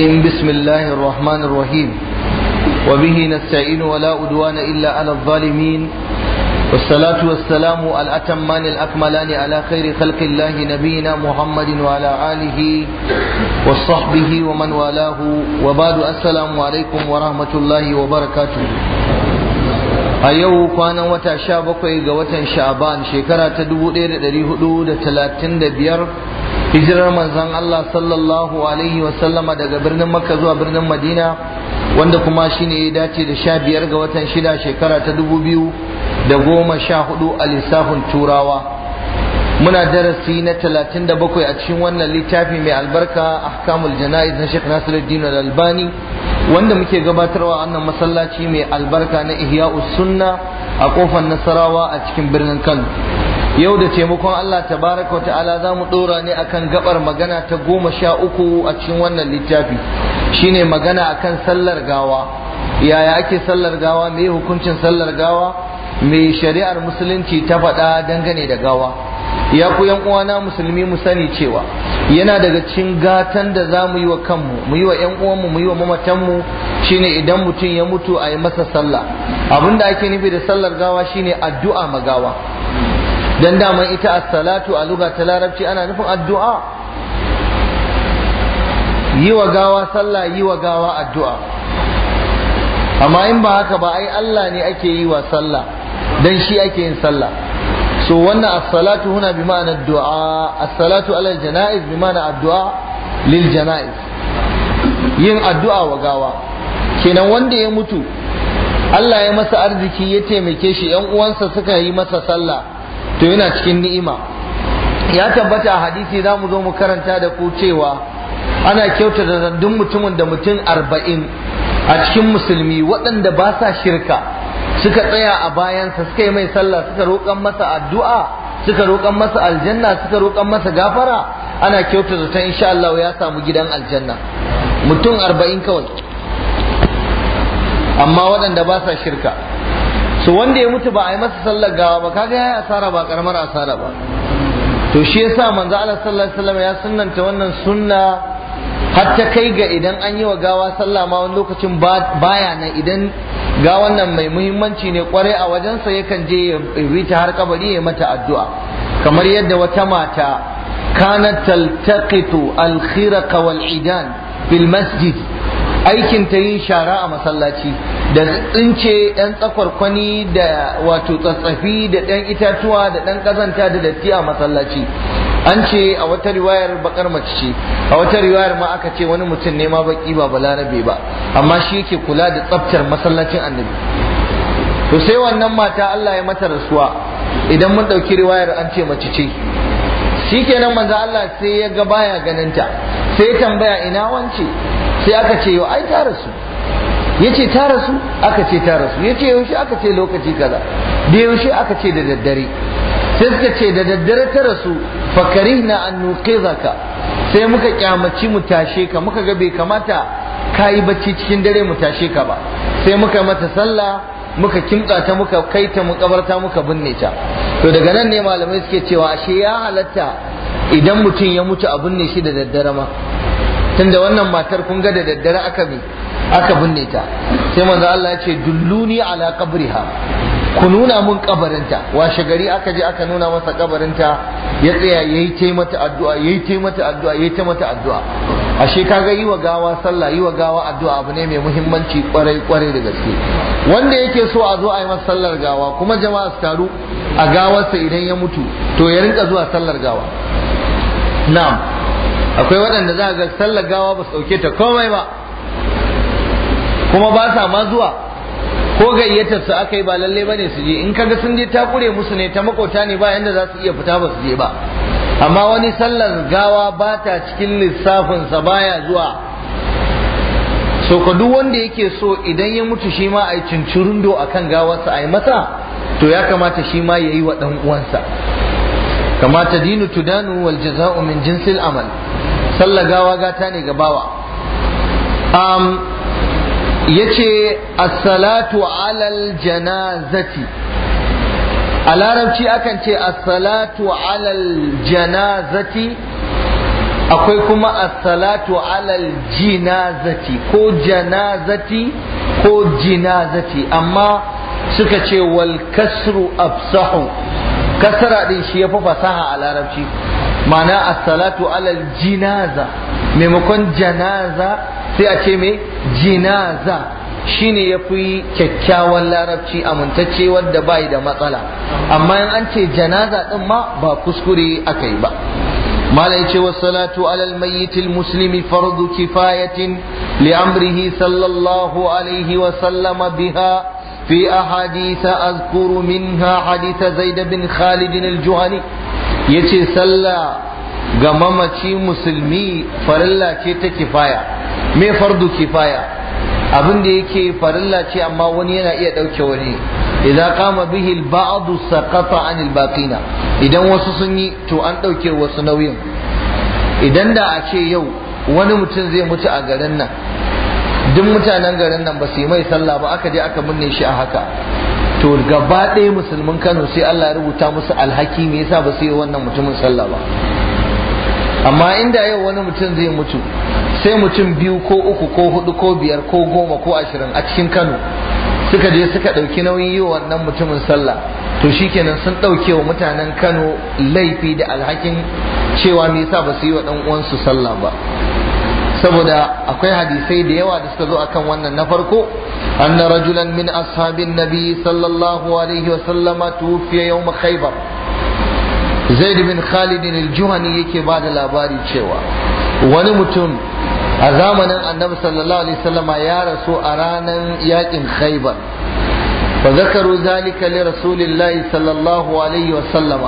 بسم الله الرحمن الرحيم وبه نستعين ولا أدوان إلا على الظالمين والصلاة والسلام الأتمان الأكملان على خير خلق الله نبينا محمد وعلى آله وصحبه ومن والاه وبعد السلام عليكم ورحمة الله وبركاته أيوه كان وتشابك وتشابان شكرا تدبو دير دريه دو دتلاتين دبير دي hijirar manzon Allah sallallahu alaihi wasallama daga birnin Makka zuwa birnin Madina wanda kuma shine ya dace da sha biyar ga watan shida shekara ta dubu biyu da goma sha hudu a lissafin turawa muna darasi na talatin da bakwai a cikin wannan littafi mai albarka ahkamul jana'iz na Sheikh Nasiruddin Al-Albani wanda muke gabatarwa annan masallaci mai albarka na Ihya'us Sunna a kofar Nasarawa a cikin birnin Kano yau da taimakon Allah tabaraka ta'ala za mu ɗora ne akan gabar magana ta goma sha uku a cikin wannan littafi shine magana akan sallar gawa yaya ake sallar gawa me hukuncin sallar gawa Mai shari'ar musulunci ta faɗa dangane da gawa ya ku yan uwana musulmi mu sani cewa yana daga cikin gatan da za mu yi wa kanmu mu yi wa yan uwanmu mu yi wa mamatanmu shine idan mutum ya mutu a yi masa sallah abinda ake nufi da sallar gawa shine addu'a ma gawa dan dama ita as-salatu a lugha ta larabci ana nufin addu'a yi wa gawa sallah yi wa gawa addu'a amma in ba haka ba ai Allah ne ake yi wa sallah dan shi ake yin sallah so wannan as-salatu huna bi ma'ana du'a as-salatu ala janaiz bi ma'ana addu'a lil janaiz yin addu'a wa gawa kenan wanda ya mutu Allah ya masa arziki ya taimake shi ‘yan uwansa suka yi masa sallah to yana cikin ni'ima ya tabbata a hadisi za mu zo mu karanta da ku cewa ana kyautata zandun mutumin da mutum arba'in a cikin musulmi waɗanda ba sa shirka suka tsaya a bayansa suka yi mai sallah suka roƙan masa addu'a suka roƙan masa aljanna suka roƙan masa gafara ana kyautata ta insha Allah ya samu gidan aljanna mutum arba'in kawai amma waɗanda ba sa shirka so wanda ya mutu ba a yi masa sallar gawa ba kaga yi asara ba karamar asara ba to shi yasa manzo Allah sallallahu alaihi wasallam ya sunnanta wannan sunna har kai ga idan an yi wa gawa sallah ma wani lokacin baya nan idan gawan nan mai muhimmanci ne kwarai a wajensa yakan je ya rita har kabari ya mata addu'a kamar yadda wata mata al تلتقط wal-idan fil masjid aikin ta yin shara a masallaci da tsince ɗan tsakwarkwani da wato tsatsafi da ɗan itatuwa da ɗan ƙazanta da datti a masallaci an ce a wata riwayar bakar mace ce a wata riwayar ma aka ce wani mutum ne ma baki ba balarabe ba amma shi yake kula da tsaftar masallacin annabi to sai wannan mata Allah ya mata rasuwa idan mun ɗauki riwayar an ce mace ce shikenan manzo Allah sai ya ga baya ganin ta sai tambaya ina wance sai aka ce yau ai ta rasu ya ce ta rasu aka ce ta rasu ya ce yaushe aka ce lokaci kaza da yaushe aka ce da daddare sai suka ce da daddare ta rasu fakari na an zaka sai muka kyamaci mu tashe ka muka ga bai kamata ka yi bacci cikin dare mu tashe ka ba sai muka mata sallah muka kimtsa ta muka kai ta mukabarta muka binne ta to daga nan ne malamai suke cewa ashe ya halatta idan mutum ya mutu a binne shi da daddare ma tunda wannan matar kun ga da daddare aka bi aka binne ta sai manzo Allah ya ce dulluni ala qabriha ku nuna mun kabarinta washe gari aka je aka nuna masa kabarinta ya tsaya yayi ta mata addu'a yayi ta mata addu'a yayi ta mata addu'a ashe kaga yi wa gawa sallah yi wa gawa addu'a abu ne mai muhimmanci kwarai kwarai da gaske wanda yake so a zo a yi masa sallar gawa kuma jama'a su taru a gawarsa idan ya mutu to ya rinka zuwa sallar gawa na'am akwai waɗanda za ga sallar gawa ba su ɗauke ta komai ba kuma ba sa ma zuwa ko gayyatar su aka yi ba lalle ba ne su je in kaga sun je ta kure musu ne ta makota ne ba yadda za su iya fita ba su je ba amma wani sallar gawa ba ta cikin lissafinsa baya zuwa so ka duk wanda yake so idan ya mutu shi ma a yi do a kan gawarsa a yi masa to ya kamata shi ma ya yi wa ɗan uwansa kamata dinu tudanu wal jaza'u min jinsil amal sallah gawa gata ne ga bawa yace as-salatu alal janazati a larabci akan ce as-salatu alal janazati akwai kuma as-salatu alal jinazati ko janazati ko jinazati amma suka ce wal kasru afsahu kasra din shi yafi fasaha a larabci ma'ana a salatu alal jinaza maimakon janaza sai a ce mai jinaza shine ya fi kyakkyawan larabci amintacce wadda bai da matsala amma in an ce janaza din ma ba kuskure aka yi ba malai ce salatu alal mayyitil muslimi fardu kifayatin li amrihi sallallahu alaihi wa sallama biha fi ahadith azkuru minha hadisa zaid bin khalid al ya ce sallah ga mamaci musulmi farilla ce ta kifaya me fardu kifaya abin da yake farilla ce amma wani yana iya ɗauke wani idan kama bihi ba'adu saqata anil baqina idan wasu sun yi to an ɗauke wasu nauyin idan da a ce yau wani mutum zai mutu a garin nan duk mutanen garin nan ba su yi mai sallah ba aka je aka binne shi a haka to gaba ɗaya musulmin kano sai Allah ya rubuta musu alhaki me yasa ba su yi wannan mutumin sallah ba amma inda yau wani mutum zai mutu sai mutum biyu ko uku ko hudu ko biyar ko goma ko ashirin a cikin kano suka je suka ɗauki nauyin yi wannan mutumin sallah to shikenan sun ɗauke wa mutanen kano laifi da alhakin cewa me yasa ba su yi wa ɗan uwansu sallah ba saboda akwai hadisai da yawa da suka zo akan wannan na farko anna rajulan min ashabin nabi sallallahu alaihi wa sallama tufiya yawm khaybar zaid bin khalid al-juhani yake ba da labari cewa wani mutum a zamanin annabi sallallahu alaihi wasallama ya rasu a ranar yakin khaybar فذكروا ذلك لرسول الله صلى الله عليه وسلم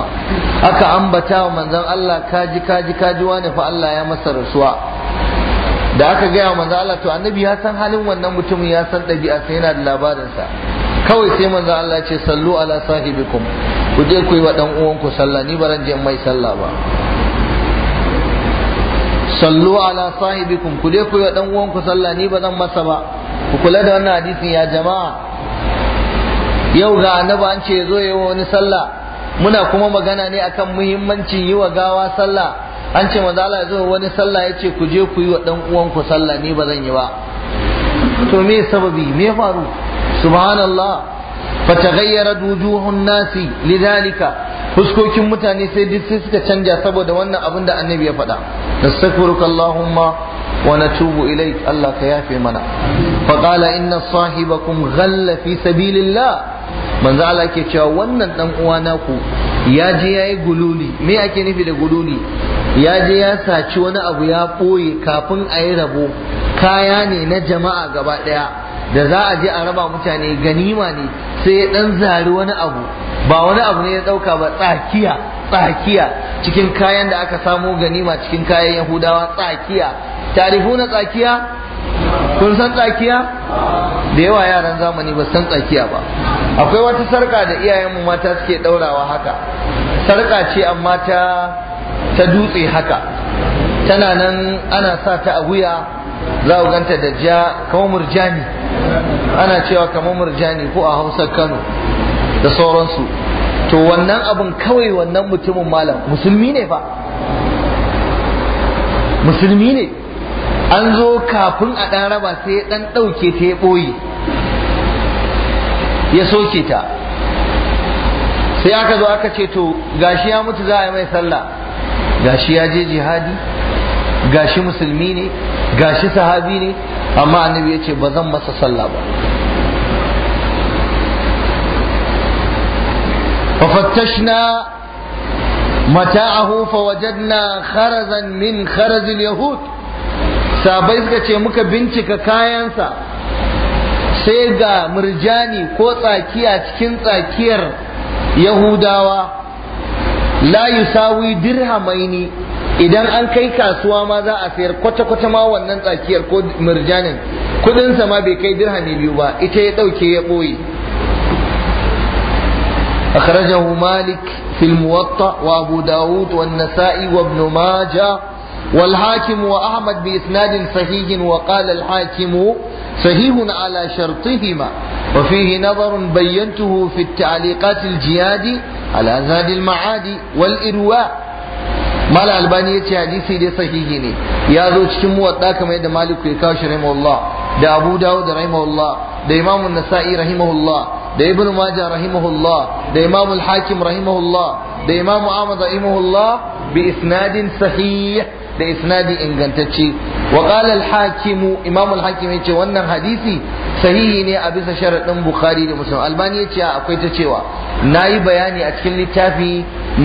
aka ambata wa manzon Allah kaji kaji kaji wani fa Allah ya masa rasuwa da aka gaya manzo Allah to annabi ya san halin wannan mutumin ya san ɗabi'a sai yana da labarinsa kawai sai manzo Allah ce sallu ala sahibikum ku je ku yi wa dan uwanku sallah ni baran je mai sallah ba sallu ala sahibikum ku je ku yi wa dan uwanku sallah ni ba zan masa ba ku kula da wannan hadisin ya jama'a yau ga annabi an ce zo yi wa wani sallah muna kuma magana ne akan muhimmancin yi wa gawa sallah an ce manzo Allah zo wani sallah ya ce ku je ku yi wa dan uwanku sallah ni ba zan yi ba to me sababi me faru subhanallah fataghayyara wujuhun nasi lidhalika fuskokin mutane sai duk sai suka canja saboda wannan abin da annabi ya faɗa nastaghfiruka allahumma wa natubu ilaik Allah ka yafe mana fa qala inna sahibakum ghalla fi sabilillah manzo Allah ke cewa wannan dan uwana ku ya je yayi gululi me ake nufi da gululi ya je ya saci wani abu ya ɓoye kafin a yi rabo kaya ne na jama'a gaba ɗaya da za a je a raba mutane ganima ne sai ya ɗan zari wani abu ba wani abu ne ya ɗauka ba tsakiya tsakiya cikin kayan da aka samo ganima cikin kayan yahudawa tsakiya tarihu na tsakiya kun san tsakiya da yawa yaran zamani ba san tsakiya ba akwai wata sarka da iyayenmu mata suke ɗaurawa haka sarka ce amma ta ta dutse haka tana nan ana sa ta a wuya za ku ganta da ja kamar murjani ana cewa kamar murjani ko a hausa kano da sauransu to wannan abin kawai wannan mutumin malam musulmi ne fa musulmi ne an zo kafin a ɗan raba sai ya ɗan ɗauke ta ya ɓoye ya soke ta sai aka zo aka ce to gashi ya mutu za a yi mai sallah gashi ya je jihadi gashi musulmi ne gashi sahabi ne amma annabi ya ce ba zan masa sallah ba ففتشنا متاعه فوجدنا خرزا من خرز Yahud. sabai suka ce muka bincika kayansa sai ga murjani ko tsakiya cikin tsakiyar yahudawa la yusawi dirhamaini idan an kai kasuwa ma za a sayar kwata-kwata ma wannan tsakiyar ko murjanin kudinsa ma bai kai dirhami biyu ba ita ya ɗauke ya ɓoye akhrajahu malik fil muwatta wa abu dawud wa wa ibn maja wal hakim wa ahmad bi isnadin sahihin wa qala al hakim sahihun ala shartihima wa fihi nazarun bayyantuhu fi at-ta'liqat jiyadi ala zadil ma'adi wal irwa mala ya ce hadisi dai sahihi ne ya zo cikin muwadda kamar yadda maliku ya kawo shi rahimahullah da da imam nasa'i rahimahullah da ibn majah rahimahullah da imam hakim rahimahullah da imam ahmad rahimahullah bi isnadin sahih da isnadi ingantacce wa qala al-hakim imam al-hakim yace wannan hadisi sahihi ne a bisa sharadin bukhari da muslim albani yace akwai ta cewa nayi bayani a cikin littafi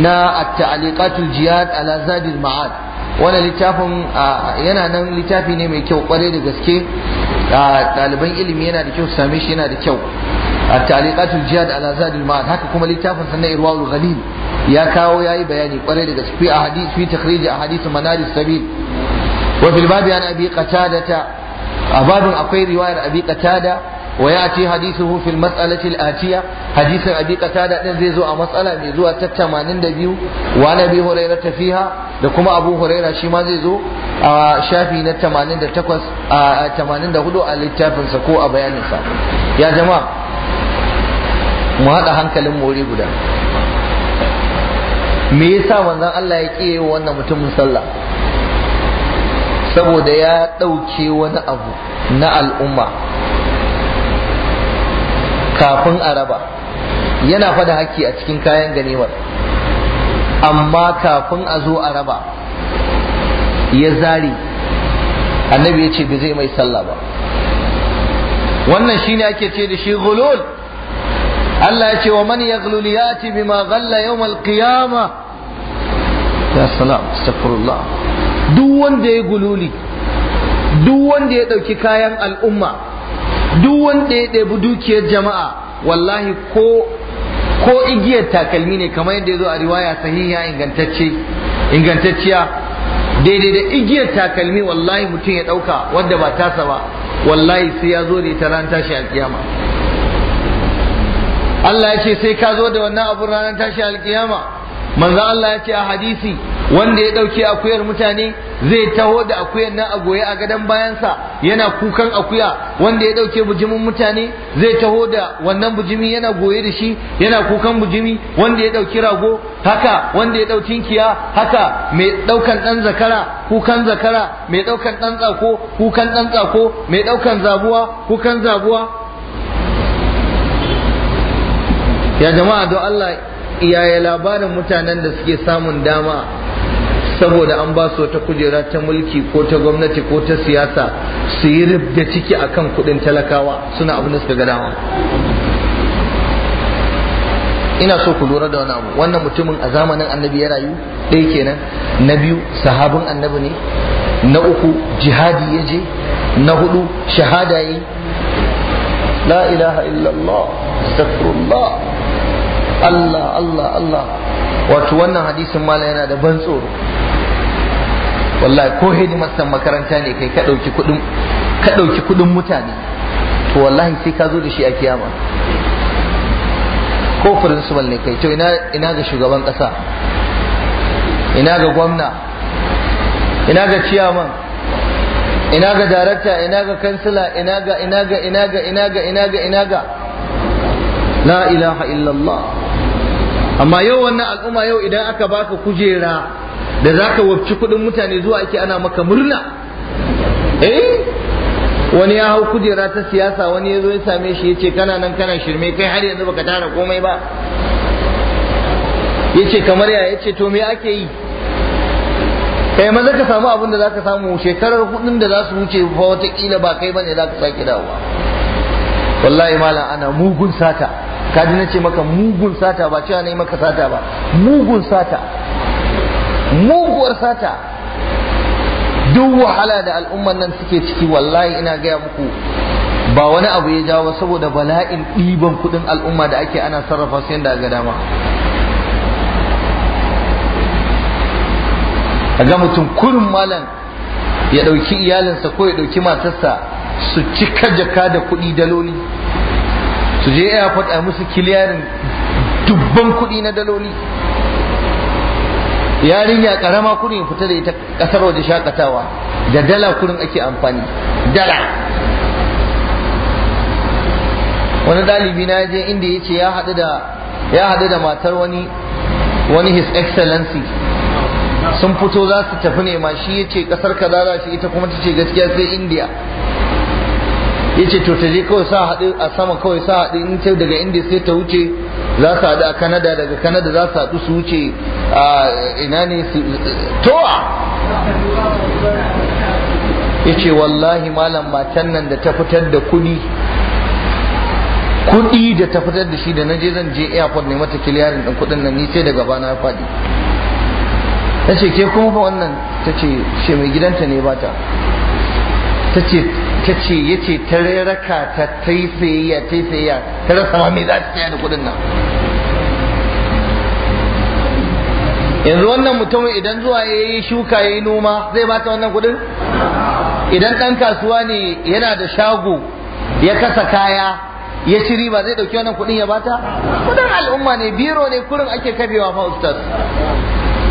na at-ta'liqat al-jihad ala zadi al-ma'ad wannan littafin yana nan littafi ne mai kyau kwarai da gaske ɗaliban ilimi yana da kyau su same shi yana da kyau at-ta'liqat al-jihad ala zadi al-ma'ad haka kuma littafin sannan irwaul ghalil ya kawo ya yi bayani kwarai daga fi a hadisi fi takhrij a hadisi manaris sabil wa fil babi an abi qatadata a babin akwai riwayar abi qatada wa yati hadithuhu fil mas'alati al atiya hadisin abi qatada din zai zo a matsala mai zuwa ta 82 wa nabi ta fiha da kuma abu hurayra shi ma zai zo a shafi na 88 a 84 a littafinsa ko a bayanin sa? ya jama'a mu haɗa hankalin mu wuri guda me yasa manzon Allah ya ƙi wannan mutumin sallah saboda ya ɗauke wani abu na al'umma kafin a raba yana fada haƙƙi a cikin kayan ganimar amma kafin a zo a raba ya zari annabi ya ce ba zai mai sallah ba wannan shine ake ce da shi gulul Allah ya ce wa man ya yati bima ghalla yawm al ya salam astaghfirullah duk wanda ya gululi duk wanda ya dauki kayan al'umma duk wanda ya ɗebi dukiyar jama'a wallahi ko ko igiyar takalmi ne kamar yadda ya zo a riwaya sahiha ingantacce ingantacciya daidai da igiyar takalmi wallahi mutum ya ɗauka wanda ba tasa ba wallahi sai ya zo da ita ran tashi alkiyama Allah ya ce sai ka zo da wannan abun ranar tashi alkiyama manzon Allah ya ce a hadisi wanda ya dauke akuyar mutane zai taho da akuyar nan a goye a gadon bayansa yana kukan akuya wanda ya dauke bujimin mutane zai taho da wannan bujimi yana goye da shi yana kukan bujimi wanda ya ɗauki rago haka wanda ya dauki kiya haka mai daukan dan zakara kukan zakara mai ɗaukan dan tsako kukan dan tsako mai daukan zabuwa kukan zabuwa ya jama'a don Allah yaya labarin mutanen da suke samun dama saboda an ba su ta kujera ta mulki ko ta gwamnati ko ta siyasa su yi ribda ciki a kan kudin talakawa suna abin da suka ga dama ina so ku lura da wani abu wannan mutumin a zamanin annabi ya rayu ɗaya kenan na biyu sahabin annabi ne na uku jihadi ya je na hudu shahada yi la ilaha illallah Allah Allah Allah wato wannan hadisin mala yana da ban tsoro wallahi ko hidimastan makaranta ne kai ka ɗauki kuɗin mutane to wallahi sai ka zo da shi a kiyama ko principal ne kai to ina ina ga shugaban ƙasa ina ga gwamna ina ga ciyaman ina ga darakta ina ga kansila ina ga ina ga ina ga ina ga ina ga ina ga la ilaha illallah amma yau wannan al'umma yau idan aka baka kujera da zaka wabci kuɗin mutane zuwa ake ana maka murna eh wani ya hau kujera ta siyasa wani ya zo ya same shi ya ce kana nan kana shirme kai har yanzu baka tara komai ba ya ce kamar ya ya ce to me ake yi kai maza ka samu abin da za ka samu shekarar hudun da za su wuce fa watakila ba kai bane za ka sake dawowa wallahi malam ana mugun sata kaji na ce maka mugun sata ba cewa na yi maka sata ba mugun sata muguwar sata duk wahala da al'ummar nan suke ciki wallahi ina gaya muku ba wani abu ya jawo saboda bala'in ɗiban kuɗin al'umma da ake ana sarrafa su yadda ga dama a ga mutum kurin malam ya ɗauki iyalinsa ko ya ɗauki matarsa su cika jaka da kuɗi daloli su je ya a musu kiliyarin dubban kuɗi na daloli yarinya karama kuɗi fita da ita kasar waje shakatawa da dala kurin ake amfani dala wani dalibi na je inda ya ce ya haɗu da matar wani wani his excellency sun fito za su tafi ma shi ya ce kasar kaza za shi ita kuma ta ce gaskiya sai india yace to ta je kawai sa haɗu a sama kawai sa haɗu in ce daga inda sai ta wuce za su haɗu a kanada daga kanada za su haɗu su wuce a ina ne su towa yace wallahi malam matan nan da ta fitar da kuɗi kuɗi da ta fitar da shi da na je zan je airport ne mata kiliyarin ɗin kuɗin nan ni sai daga bana ya faɗi ta ce ke kuma fa wannan ta ce mai gidanta ne ba ta ta ce ta ce ya ce ta raka ta ta yi ta rasa ma me za ta saya da kuɗin nan yanzu wannan mutumin idan zuwa ya yi shuka ya yi noma zai bata wannan kuɗin idan ɗan kasuwa ne yana da shago ya kasa kaya ya ci riba zai ɗauki wannan kuɗin ya bata kuɗin al'umma ne biro ne kurin ake kabewa fa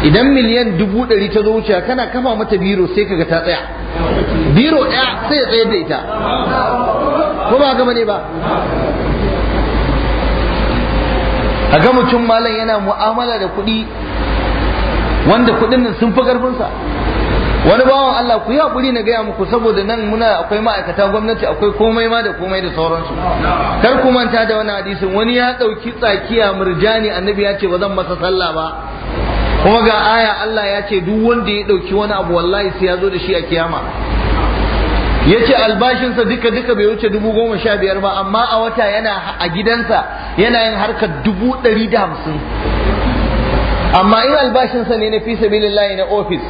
idan miliyan dubu ɗari ta zo wuce kana kafa mata biro sai kaga ta tsaya biro ɗaya sai ya tsayar da ita ko ba gama ne ba a ga mutum malam yana mu'amala da kuɗi wanda kuɗin nan sun fi ƙarfinsa wani bawan Allah ku yi hakuri na gaya muku saboda nan muna akwai ma'aikata gwamnati akwai komai ma da komai da sauransu kar ku manta da wani hadisin wani ya ɗauki tsakiya murjani annabi ya ce ba zan masa sallah ba kuma ga aya Allah ya ce duk wanda ya ɗauki wani abu wallahi sai ya zo da shi a kiyama ya ce albashinsa duka duka bai wuce dubu goma sha biyar ba amma a wata yana a gidansa yana yin harkar dubu ɗari da hamsin amma in albashinsa ne na fi sabilillahi na ofis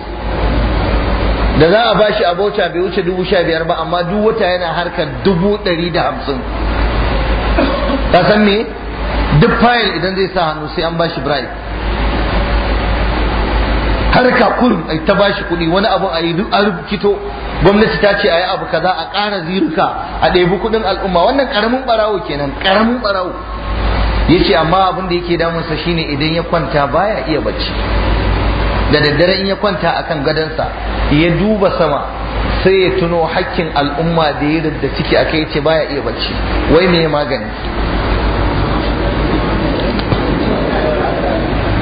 da za a bashi abota bai wuce dubu sha biyar ba amma duk wata yana harkar dubu ɗari da hamsin ta san me duk fayil idan zai sa hannu sai an bashi bribe harka kurum ai ta bashi kuɗi wani abu a yi duk an rubkito gwamnati ta ce a yi abu kaza a ƙara ziruka a ɗebi kuɗin al'umma wannan ƙaramin ɓarawo kenan ƙaramin ɓarawo ya ce amma abin da yake damunsa shine idan ya kwanta baya iya bacci da daddare in ya kwanta akan gadonsa ya duba sama sai ya tuno hakkin al'umma da ya da ciki aka ya baya iya bacci wai me magani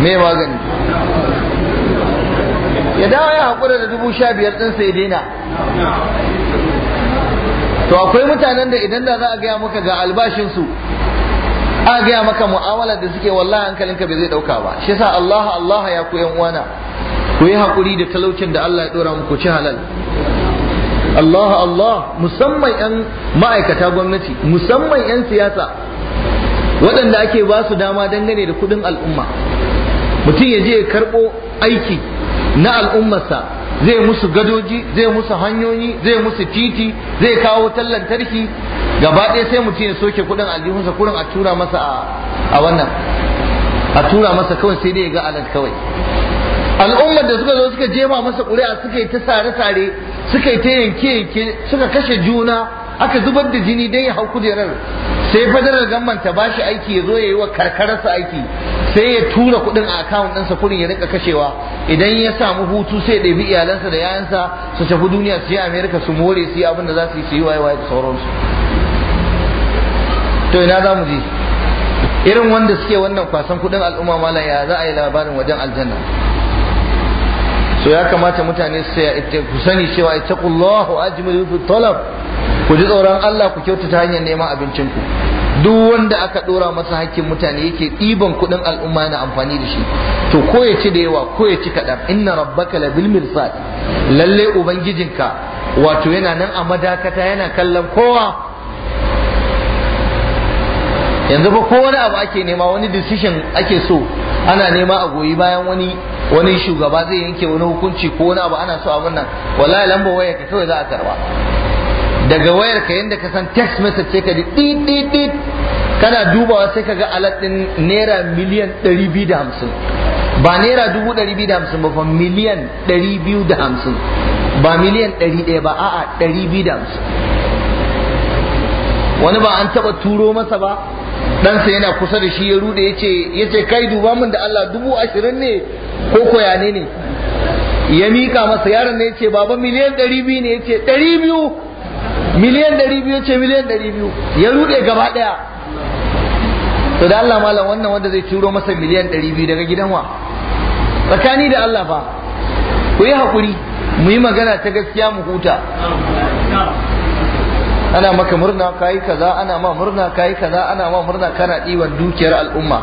me magani ya dawo ya haƙura da dubu sha biyar ɗinsa ya daina to akwai mutanen da idan da za a gaya maka ga albashinsu a gaya maka mu'amala da suke wallahi hankalinka bai zai dauka ba shi yasa Allah Allah ya ku yan uwana ku yi hakuri da talaucin da Allah ya dora muku ci halal Allah Allah musamman yan ma'aikata gwamnati musamman yan siyasa waɗanda ake ba su dama dangane da kuɗin al'umma mutum ya je ya karɓo aiki na al'ummarsa zai musu gadoji zai musu hanyoyi zai musu titi zai kawo tallan lantarki gaba ɗaya sai mutum ya soke kuɗin aljihunsa kurin a tura masa a wannan a tura masa kawai sai dai ya ga alat kawai al'ummar da suka zo suka jema masa ƙuri'a suka yi ta sare-sare suka yi ta yanke-yanke suka kashe juna aka zubar da jini dai ya hau kujerar sai federal gamban ta bashi aiki ya zo ya yi wa karkararsa aiki sai ya tura kuɗin a akawun ɗinsa kurin ya rika kashewa idan ya samu hutu sai ya ɗebi iyalansa da yayansa su tafi duniya su je america su more su yi abin da za su yi su yi waye waye da sauransu to ina za mu je irin wanda suke wannan kwasan kuɗin al'umma mala ya za a yi labarin wajen aljanna so ya kamata mutane su ya ku sani cewa ita ittaqullahu ajmilu fi talab ku ji tsoron Allah ku kyautata hanyar neman abincin ku duk wanda aka dora masa hakkin mutane yake ɗiban kuɗin al'umma na amfani da shi to ko ya ci da yawa ko ya ci kaɗan inna rabbaka la bil mirsad lalle ubangijinka wato yana nan a madakata yana kallon kowa yanzu ba ko abu ake nema wani decision ake so ana nema a goyi bayan wani wani shugaba zai yanke wani hukunci ko wani abu ana so abin nan wallahi lambar wayar ka kawai za a karba daga wayar ka yanda ka san text message sai ka ji di kana dubawa sai ka ga alat din naira miliyan 250 ba naira 250 ba fa miliyan 250 ba miliyan 100 ba a'a 250 wani ba an taba turo masa ba ɗansa yana kusa da shi ya rude ya ce kai duba min da Allah dubu ashirin ne ko koya ne ne ya mika masa yaron ne ya ce baba miliyan ɗari biyu ne ya ce ɗari biyu miliyan ɗari biyu ya ce miliyan ɗari biyu ya rude gaba ɗaya to da Allah malam wannan wanda zai turo masa miliyan ɗari biyu daga gidan wa tsakani da Allah fa ku yi haƙuri mu yi magana ta gaskiya mu huta ana maka murna kayi kaza ana ma murna kayi kaza ana ma murna kana ɗiban dukiyar al'umma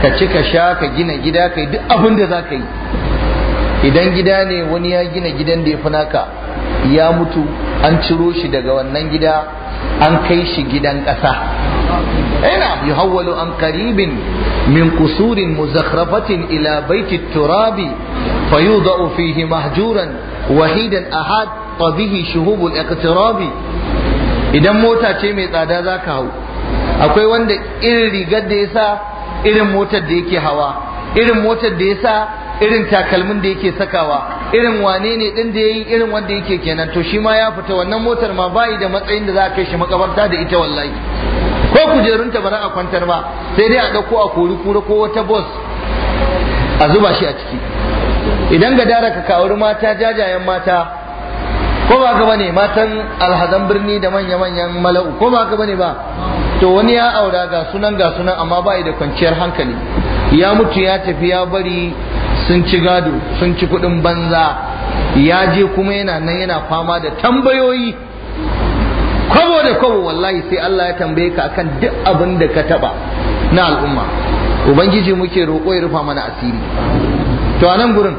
ka ci ka sha ka gina gida kai duk abin da za ka yi idan gida ne wani ya gina gidan da ya fi naka ya mutu an ciro shi daga wannan gida an kai shi gidan ƙasa ina an karibin min kusurin muzakrafatin ila baiti turabi fayudau fihi mahjuran wahidan ahad bihi shuhubul iqtirabi idan mota ce mai tsada za ka hau akwai wanda irin rigar da ya sa irin motar da yake hawa irin motar da ya sa irin takalmin da yake sakawa irin wane ne din da yayi irin wanda yake kenan to shi ma ya fita wannan motar ma bayi da matsayin da za a kai shi makabarta da ita wallahi ko kujerunta ba za a kwantar ba sai dai a ɗauko a kori kura ko wata bus a zuba shi a ciki idan ga dara ka kawar mata jajayen mata ko ba ka bane matan alhazan birni da manya-manyan mala'u ko ba ka bane ba to wani ya aura ga sunan ga sunan amma ba da kwanciyar hankali ya mutu ya tafi ya bari sun ci gado sun ci kudin banza ya je kuma yana nan yana fama da tambayoyi kwabo da kwabo wallahi sai Allah ya tambaye ka akan duk abin da ka taba na al'umma ubangiji muke roƙo ya rufa mana asiri to a nan gurin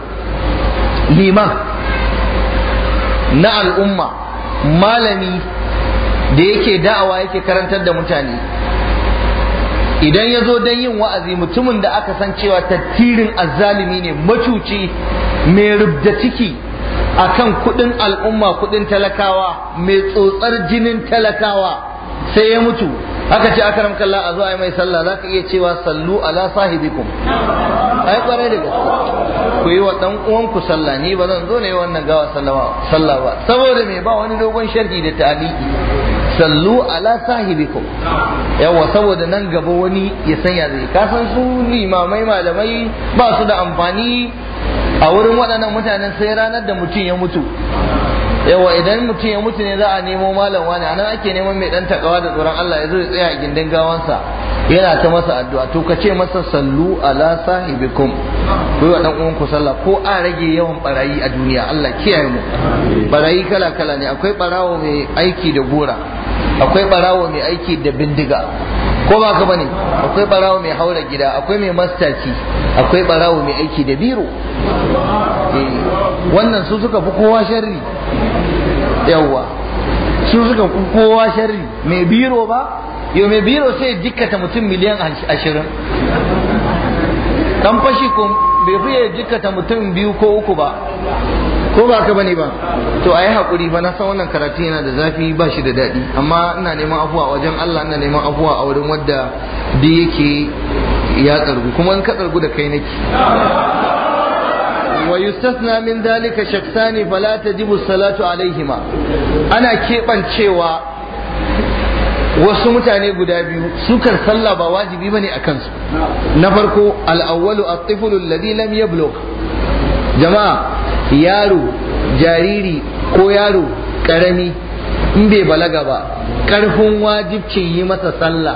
liman na al'umma malami da yake da'awa yake karantar da mutane idan ya zo don yin wa'azi mutumin da aka san cewa tattirin azzalimi ne macuci mai rubda ciki a kan kudin al'umma kudin talakawa mai tsotsar jinin talakawa sai ya mutu Haka ce akaram kalla a zo a yi mai sallah za ka iya cewa sallu ala sahibikum ai kwarai da gaske ku yi wa dan uwanku sallah ni ba zan zo ne wannan gawa sallah ba saboda me ba wani dogon sharhi da ta'aliki sallu ala sahibikum yawa saboda nan gaba wani ya sanya zai ka san su limamai malamai ba su da amfani a wurin waɗannan mutanen sai ranar da mutum ya mutu yawa idan mutum ya mutu ne za a nemo malam wani anan ake neman mai dan takawa da tsoron Allah ya zo ya tsaya a gindin gawansa yana ta masa addu'a to ka ce masa sallu ala sahibikum ko yi wa dan uwanku sallah ko a rage yawan barayi a duniya Allah kiyaye mu barayi kala kala ne akwai barawo mai aiki da gora akwai barawo mai aiki da bindiga ko ba ka bane akwai barawo mai haura gida akwai mai mastaci akwai barawo mai aiki da biro eh, wannan su suka fi kowa sharri yawwa su suka kowa shari mai biro ba yau mai biro sai jikkata mutum miliyan ashirin dan fashi ko bai fiye jikkata mutum biyu ko uku ba ko ba ka bane ba to a yi haƙuri ba na san wannan karatu yana da zafi ba shi da daɗi amma ina neman afuwa wajen Allah ina neman afuwa a wurin wadda da yake ya tsargu kuma in ka tsargu da kai nake ويستثنى من ذلك شخصان فلا تجب الصلاة عليهما أنا كيبان شيوا wasu mutane guda biyu sukan sallah ba wajibi bane a kansu na farko al'awwalu at-tiflu alladhi lam yablugh jama'a yaro jariri ko yaro ƙarami in bai balaga ba karfin wajibcin yi masa sallah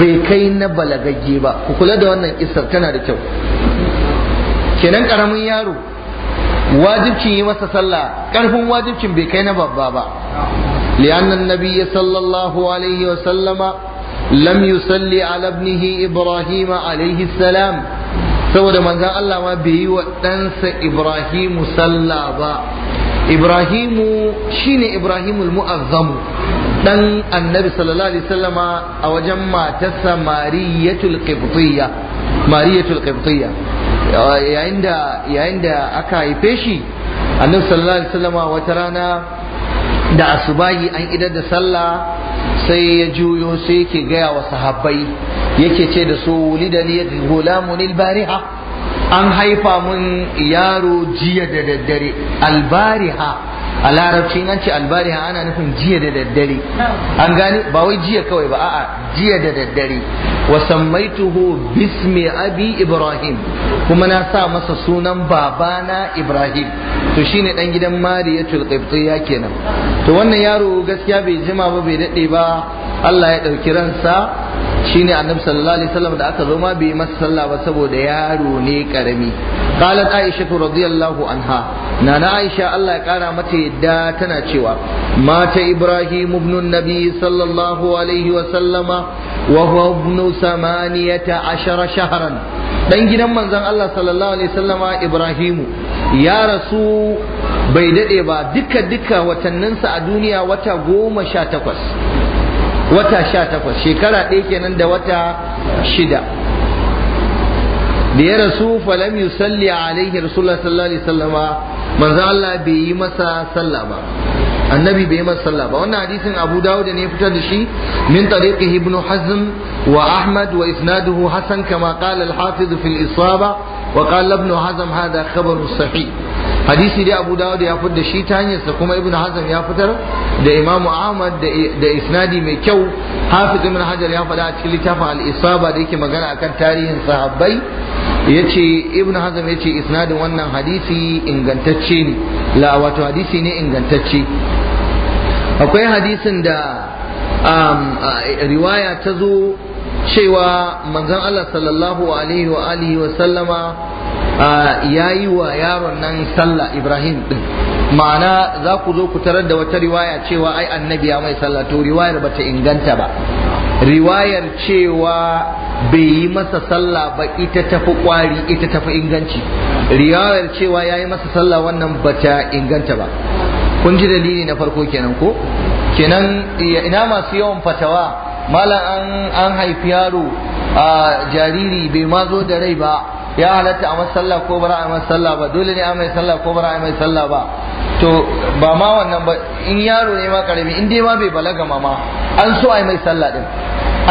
bai kai na balagagge ba ku kula da wannan isar tana da kyau kenan karamin yaro wajibcin yi masa sallah karfin wajibcin bai kai na babba ba لأن النبي Sallallahu Alaihi wa Sallama لم يصلي على ابنه إبراهيم عليه السلام saboda manzon Allah ma bai yi wa ɗansa Ibrahimu sallah ba Ibrahimu shine Ibrahimul mu'azzamu dan annabi sallallahu alaihi wasallama a wajen matarsa Mariyatul Qibtiyya Mariyatul Qibtiyya Uh, yayin da aka haife shi nan sallallahu alaihi wasallama wata rana da asubahi an idar da sallah sai ya juyo sai yake gaya wa sahabbai yake ce da su wulida li gulamun bariha an haifa mun yaro jiya da daddare albariha a larabci nan ce albariha ana nufin jiya da daddare an gani ba wai jiya kawai ba a'a jiya da daddare wa sammaituhu bismi abi ibrahim kuma na sa masa sunan babana ibrahim to shine dan gidan mari mariyatul ya kenan to wannan yaro gaskiya bai jima ba bai dade ba Allah ya dauki ransa shine annabi sallallahu alaihi wasallam da aka zo ma bai masa sallah ba saboda yaro ne karami qalat aisha radhiyallahu anha nana aisha Allah ya kara mata yadda tana cewa mata ibrahim ibn nabi sallallahu alaihi wasallama wa huwa ibn samaniyata ashara shahran dan gidan manzon Allah sallallahu alaihi wasallama ibrahimu ya rasu bai dade ba duka duka watanninsa a duniya wata goma sha takwas wata sha takwas shekara ɗaya kenan da wata shida da ya rasu falam yusalli alaihi rasulullah sallallahu alaihi wasallama manzo Allah bai yi masa sallah ba annabi bai yi masa sallah ba wannan hadisin Abu Dawud ne ya fitar da shi min tariqi Ibn Hazm wa Ahmad wa isnaduhu hasan kama qala al-Hafiz fi al-Isaba wa qala Ibn Hazm hadha khabar sahih hadisi dai abu dawud ya fitar da shi ta hanyarsa kuma Ibn hazm ya fitar da imamu ahmad da isnadi mai kyau hafiz ibn hajar ya faɗa a cikin littafin al-isaba da yake magana akan tarihin sahabbai yace ibnu hazm yace isnadin wannan hadisi ingantacce ne la wato hadisi ne ingantacce akwai hadisin da um, riwaya ta zo cewa manzon Allah sallallahu alaihi wa alihi wa sallama ya yi wa yaron nan sallah ibrahim din ma'ana za ku zo ku tarar da wata riwaya cewa ai annabi ya mai sallah to riwayar ba ta inganta ba riwayar cewa bai yi masa sallah ba ita tafi kwari ita tafi inganci riwayar cewa ya yi masa sallah wannan ba ta inganta ba kun ji dalili na farko kenan ko kenan ina masu yawan fatawa mala an haifi yaro a jariri bai ma zo da rai ba ya halatta a masallah ko bara a masallah ba dole ne a mai sallah ko bara a mai sallah ba to ba ma wannan ba in yaro ne ma karami in dai ma bai balaga ma an so a mai sallah din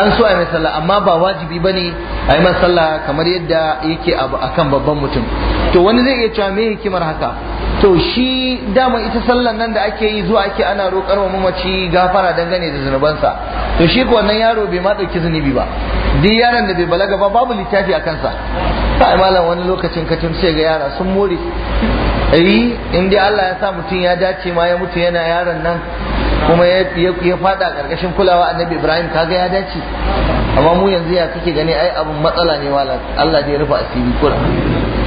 an so a mai sallah amma ba wajibi ba ne a yi mai kamar yadda yake a akan babban mutum to wani zai iya cewa me hikimar haka to shi dama ita sallan nan da ake yi zuwa ake ana roƙar wa mamaci gafara dangane da zunubansa to shi ko wannan yaro bai ma zunubi ba duk yaron da bai balaga ba babu littafi a kansa sai malam wani lokacin ka sai ga yara sun more eh in dai Allah ya sa mutum ya dace ma ya mutu yana yaron nan kuma ya fada karkashin kulawa annabi ibrahim kaga ya dace amma mu yanzu ya kake gani ai abun matsala ne wala Allah dai rufa asiri kura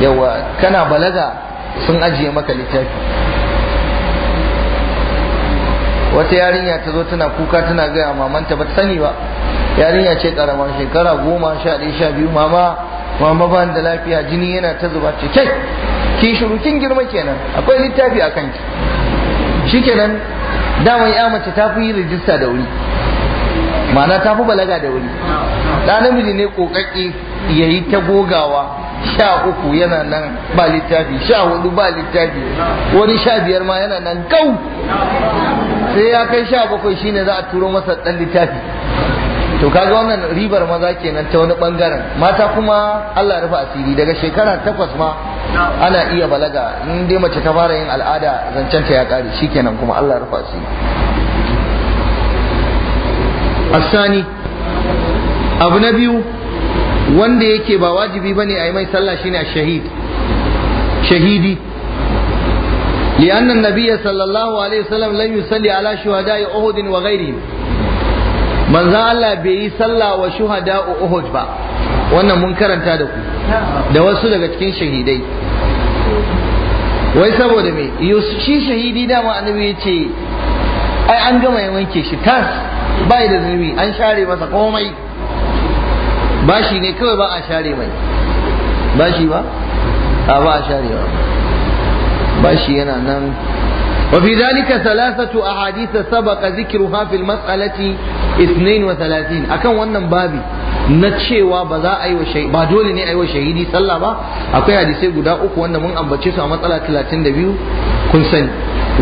yawa kana balaga sun ajiye maka littafi wata yarinya ta zo tana kuka tana gaya mamanta ba ta sani ba yarinya ce karama shekara goma sha ɗaya sha biyu mama mama ba da lafiya jini yana ta zuba ce kai ki shiru kin girma kenan akwai littafi a kanki shikenan daman ya mace ta fi rijista da wuri ma'ana ta fi balaga da wuri ɗan namiji ne ƙoƙaƙe ya yi ta gogawa sha uku yana nan ba littafi sha hudu ba littafi wani sha biyar ma yana nan gau sai ya kai sha bakwai shine za a turo masa dan littafi to kaga wannan ribar maza kenan ta wani bangaren mata kuma Allah rufa asiri daga shekara takwas ma ana iya balaga in dai mace ta fara yin al'ada zancen ta ya kare shikenan kuma Allah rufa asiri asani abu na biyu wanda yake ba wajibi bane a yi mai sallah shine shahid shahidi لأن النبي صلى الله عليه وسلم لم يصلي على شهداء أحد وغيرهم من ذا الله بي صلى وشهداء Uhud ba. wannan mun karanta da ku da wasu daga cikin shahidai wai saboda me shi shahidi dama annabi ya ce ai an gama ya wanke shi tas bai da zunubi an share masa komai bashi ne kawai ba a share mai bashi ba a ba a sharewa bashi yana nan وفي ذلك ثلاثة أحاديث سبق ذكرها في المسألة 32 أكن wannan babi na cewa ba za a yi wa ba dole ne a yiwa wa shahidi sallah ba akwai hadisai guda uku wanda mun ambace su a matsala 32 kun sani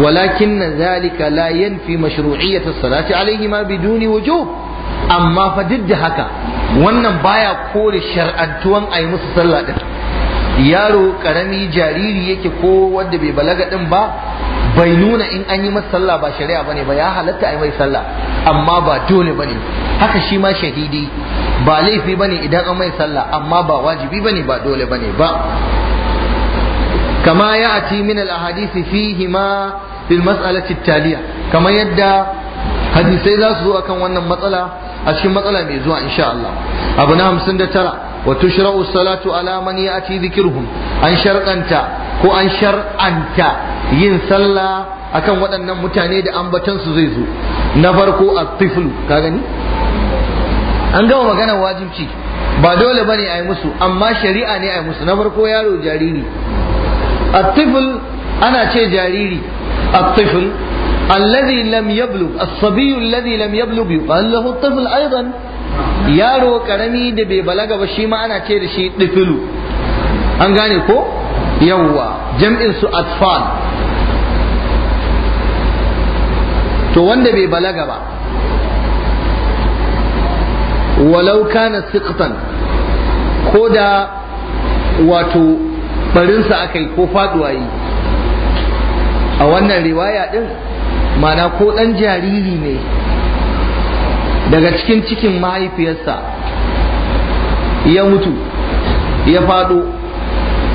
walakin zalika la yanfi mashru'iyyat as-salati alayhi ma biduni wujub amma fa duk da haka wannan baya kore shar'antuwan a yi musu sallah din yaro karami jariri yake ko wanda bai balaga din ba bai nuna in an yi masa sallah ba shari'a bane ba ya halatta a yi mai sallah amma ba dole bane haka shi ma shahidi ba laifi bane idan an mai sallah amma ba wajibi bane ba dole bane ba kama ya ati min al ahadisi fihi ma fil mas'alati taliya kama yadda hadisai za su zo akan wannan matsala a cikin matsala mai zuwa insha Allah abu na hamsin da tara wato tushra'u salatu ala man ya'ti dhikruhum an sharqanta ko an shar'anta yin sallah akan waɗannan mutane da ambatan su zai zo na farko at-tiflu ka gani an gama magana wajibci ba dole bane a yi musu amma shari'a ne a musu na farko yaro jariri at-tifl ana ce jariri at-tifl الذي لم يبلغ yaro karami da bai balaga ba shi ana ce da shi difilu an gane ko yawwa jam'in su atfal to wanda bai balaga ba walau kana siqtan ko da wato barinsa aka yi ko faduwa yi a wannan riwaya din mana ko ɗan jariri ne daga cikin cikin mahaifiyarsa ya mutu ya faɗo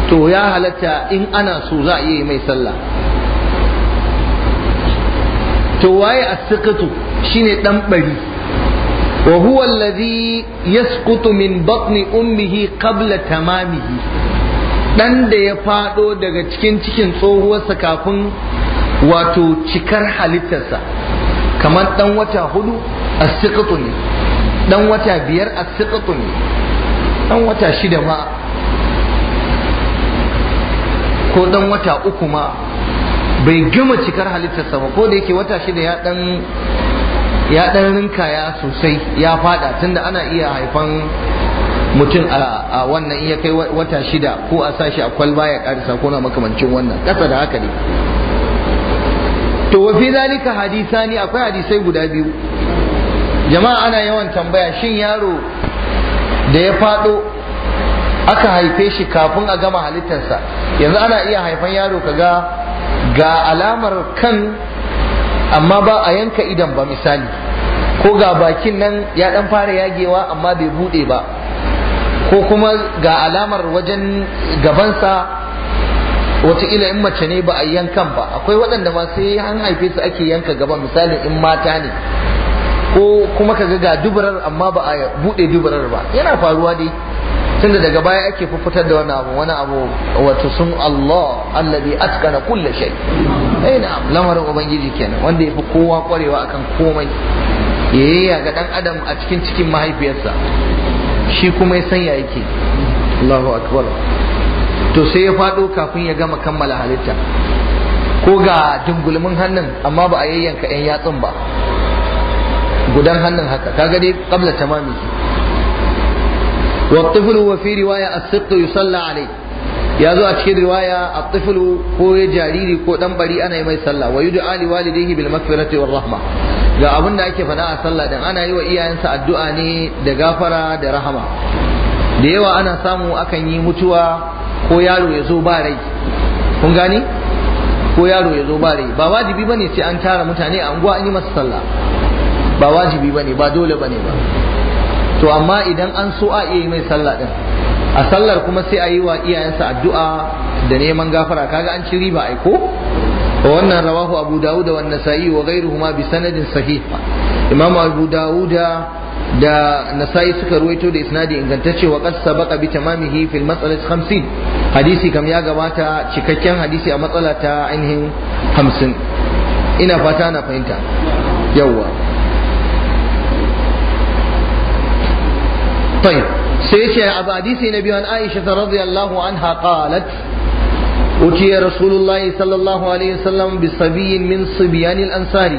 to ya halatta in ana so za a yi mai sallah to waye as shine ɗan bari wa huwa alladhi yasqutu min batni ummihi qabla tamamihi dan da ya fado daga cikin cikin tsohuwarsa kafin wato cikar halittarsa kamar dan wata hudu a ne dan wata biyar a ne dan wata shida ma ko dan wata uku ma bai gama cikar halittarsa ba ko da yake wata shida ya dan ya sosai ya fada tunda ana iya haifan mutum a wannan iya kai wata shida ko a sashi a kwalba ya karisa ko na makamancin wannan kasa da haka ne to wa fi zalika hadisani akwai hadisai guda biyu jama'a ana yawan tambaya shin yaro da ya fado aka haife shi kafin a gama halittarsa yanzu ana iya haifan yaro kaga ga alamar kan amma ba a yanka idan ba misali ko ga bakin nan ya dan fara yagewa amma bai bude ba ko kuma ga alamar wajen gabansa wataƙila in mace ne ba a yankan ba akwai waɗanda ma sai an haife su ake yanka gaba misali in mata ne ko kuma ka ga dubarar amma ba a buɗe dubarar ba yana faruwa dai tunda daga baya ake fufutar da wani abu wani abu wato sun Allah allazi atkana kulli shay eh na lamarin ubangiji kenan wanda yafi kowa kwarewa akan komai yayya ga dan adam a cikin cikin mahaifiyarsa shi kuma ya sanya ya yake Allahu akbar to sai ya faɗo kafin ya gama kammala halitta ko ga dungulmin hannun amma ba a yayyanka 'yan yatsun ba gudan hannun haka kaga dai qabla tamami wa tiflu wa fi riwaya as-sitt yusalla alai ya zo a cikin riwaya at-tiflu ko ya jariri ko dan bari ana yi mai sallah wa yud'a li walidayhi bil maghfirati war rahma ga abin da ake faɗa a sallah dan ana yi wa iyayensa addu'a ne da gafara da rahama da yawa ana samu akan yi mutuwa ko yaro ya zo ba rai kun gani ko yaro ya zo ba rai ba wajibi bane sai an tara mutane a unguwa an yi masa sallah ba wajibi bane ba dole bane ba to amma idan an so a iya yi mai sallah din a sallar kuma sai a yi wa iyayensa addu'a da neman gafara kaga an ci riba ai ko wannan rawahu abu dawud wa nasa'i wa ghayruhuma bi sanadin sahih imam abu dawud da nasa'i suka ruwaito da isnadi ingantacce wa qad sabaqa bi tamamihi fil mas'alati 50 hadisi kam ya gabata cikakken hadisi a matsala ta ainihin 50 ina fata na fahimta yawwa طيب سيشي أبا حديثي نبي عن عائشة رضي الله عنها قالت أتي رسول الله صلى الله عليه وسلم بصبي من صبيان الأنصار